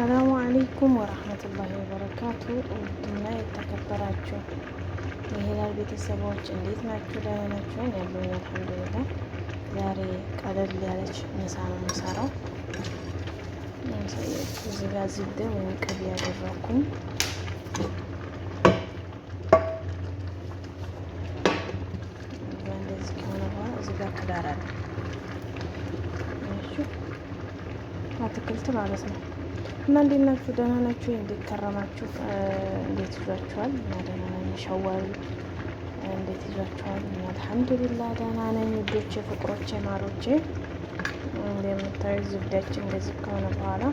አሰላሙ አለይኩም ወረህመቱላሂ ወበረካቱ። ውድና የተከበራችሁ የሂላል ቤተሰቦች እንዴት ናችሁ? ደህና ናችሁ? ያለው አልሐምዱሊላህ። ዛሬ ቀለል ያለች ምሳ ነው የምሰራው። እዚህ ጋ ዝብደ ወይም ቅቤ ያደረኩኝ እንደዚህ ከሆነ በኋላ እዚህ ጋ ክዳር አለ አትክልት ማለት ነው እና እንዴት ናችሁ? ደህና ናችሁ? እንዴት ከረማችሁ? እንዴት ይዟችኋል? እና ደህና ነኝ። ሸዋል እንዴት ይዟችኋል? እና አልሐምዱሊላ ደህና ነኝ። ውዶቼ፣ ፍቅሮቼ፣ ማሮቼ እንደምታዩት ዝብዳችን እንደዚህ ከሆነ በኋላ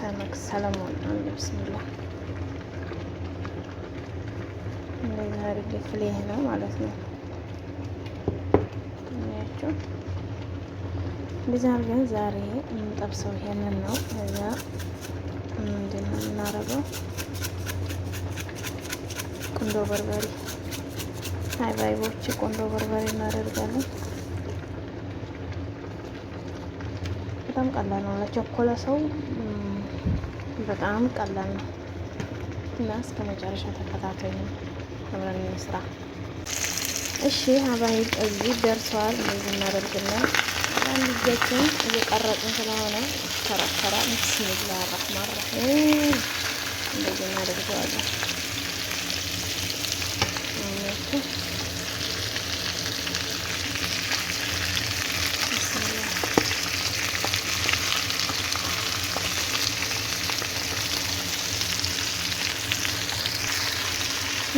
ሰላም ሰላም፣ ብስሚላ ተጨማሪ ክፍል ይሄ ነው ማለት ነው። ያቸው እንደዛ ግን ዛሬ የምንጠብሰው ይሄንን ነው። ከዛ ምንድን ነው የምናረገው? ቁንዶ በርበሬ አይባይቦች ቁንዶ በርበሬ እናደርጋለን። በጣም ቀላል ነው ለቸኮለ ሰው በጣም ቀላል ነው እና እስከ መጨረሻ ተከታተሉ። አብረን እንስራ። እሺ አባይ እዚህ ደርሷል። እንደዚህ እናደርግና አንድ እጃችን እየቀረጽን ስለሆነ ተራተራ ብስሚላህ አራህማን ራሒም እንደዚህ እናደርገዋለን።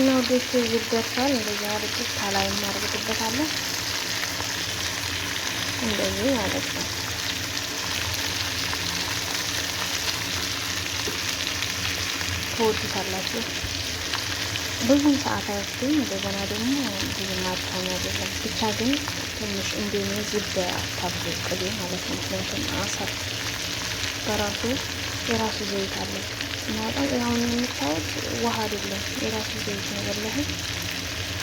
እና ወደሽ ይደርሳል። እንደዚህ አርግ ታላይ እናርግበታለን። እንደዚህ ማለት ነው። ትወዱታላችሁ። ብዙም ሰዓት አይወስድም። እንደገና ደግሞ ብዙ አድካሚ አይደለም። ብቻ ግን ትንሽ እንደኔ ዝብ አታብዙ ቅቤ ማለት ነው። ምክንያቱም አሰር በራሱ የራሱ ዘይት አለው። ስናወጣው ያሁን የምታወት ውሃ አይደለም የራሱ ዘይት ነው ያለህን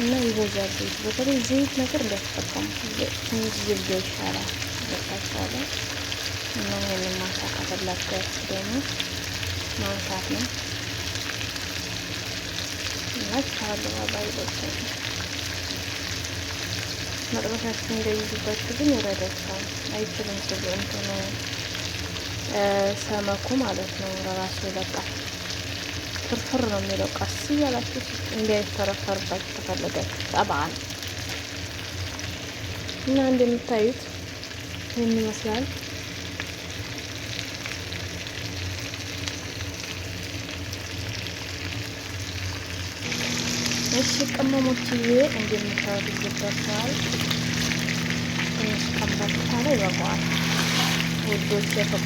እና ይበዛል ዘይት። በተለይ ዘይት ነገር እንዳትጠቀሙ ትንሽ ዝብዳ ይሻላል በቃቸዋለ እና ይህንን ማንሳት አፈላጋት ደግሞ ማንሳት ነው ናቸዋለሁ ዋጋ ይበዛል። መጥበሳችን እንደይዙባችሁ ግን ይረዳችኋል። አይችልም ስሉ እንትኑ ሰመኩ ማለት ነው። ራሱ ይለቃል። ፍርፍር ነው የሚለው። ቀስ እያላችሁ እንዳይፈረፈርባችሁ ተፈለጋችሁ ጠባል እና እንደምታዩት ይህን ይመስላል። እሺ ቅመሞችዬ እንደምታዩት ይዘጋጃል። ትንሽ ቀምበት ካለ ይበቃዋል። будет все по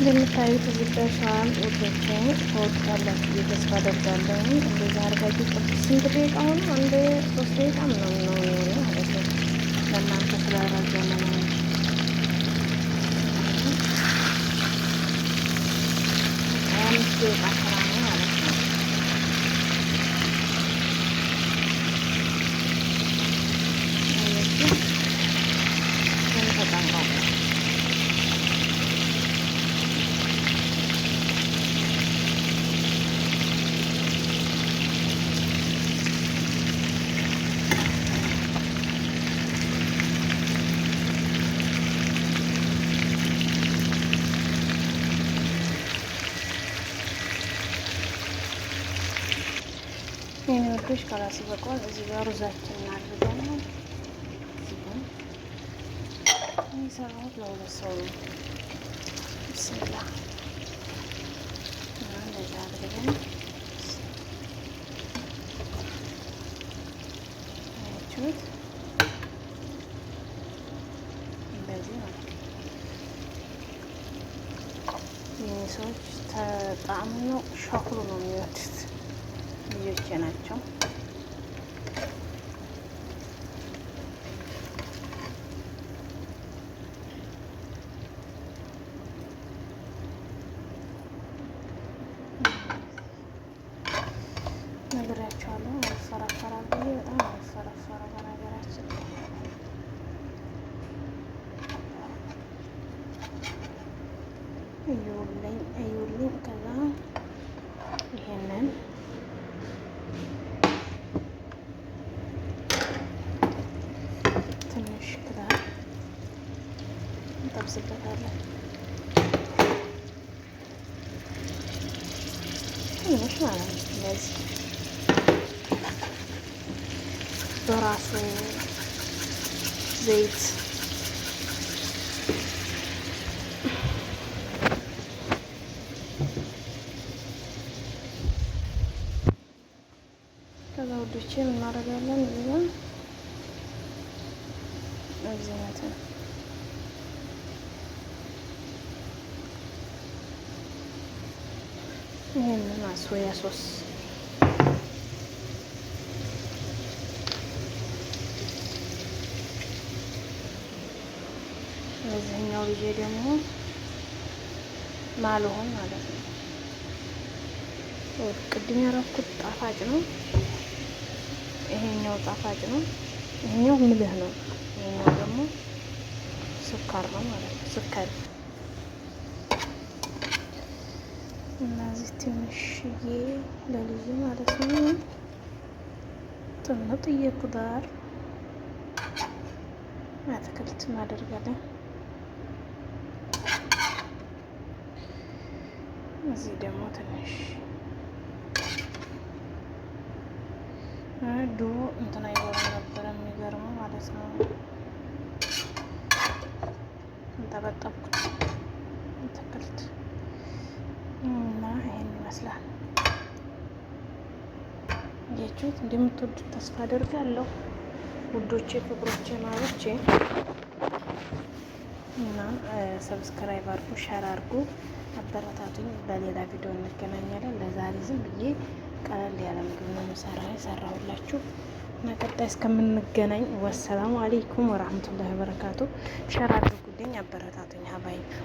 እንደምታዩት እዚህ በሸዋን ውዶቼ ከወድታላችሁ ተስፋ አደርጋለሁ። እንደዛ አድርጋችሁ ጥብስ ስንት ደቂቃ ሆኖ? አንድ ሶስት ደቂቃ ምናምን ነው የሆነ ማለት ነው። ለእናንተ ስለረዘ ነው አምስት ደቂቃ የኔ ወዶች ከራስ በቀል እዚህ ጋር ሩዛችን አድርገን የሰራሁት ለሁለት ሰው ነው። ብስላ እንደዛ አድርገን ያችሁት እንደዚህ ነው። የኔ ሰዎች ተጣዕሙ ነው ሸክሉ ነው የሚወዱት ልጆቼ ናቸው። ነግራቸዋለሁ። አሰራሰራ ጊዜ በጣም እዩልኝ እዩልኝ ከዛ ይሄንን እንጠብስበታለን። ትንሽ ማለት ነው። እንደዚህ በራሱ ዘይት ከዛ ውዶቼ ምን እናደርጋለን? እዚህ እዚህ ይህን ሶያ ሶስ በዚህኛው ልጄ ደግሞ ማልሆን ማለት ነው። ቅድም ያረኩት ጣፋጭ ነው። ይሄኛው ጣፋጭ ነው። ይሄኛው ምልህ ነው። ይሄኛው ደግሞ ስኳር ነው ማለት ነው። ስኳር እና እናዚህ ትንሽዬ ለልዩ ማለት ነው ጥምጥ የቁዳር አትክልት እናደርጋለን። እዚህ ደግሞ ትንሽ ይመስላል። ያችሁት እንደምትወዱት ተስፋ አደርጋለሁ ውዶቼ፣ ፍቅሮቼ፣ ማሮቼ እና ሰብስክራይብ አርጉ፣ ሸር አርጉ፣ አበረታቱኝ። በሌላ ቪዲዮ እንገናኛለን። ለዛሬ ዝም ብዬ ቀለል ያለ ምግብ ነው የምሰራ የሰራሁላችሁ መቀጣይ እስከምንገናኝ ወሰላሙ አሌይኩም ወራህመቱላሂ ወበረካቱ። ሸር አድርጉልኝ፣ አበረታቱኝ ሀባይብ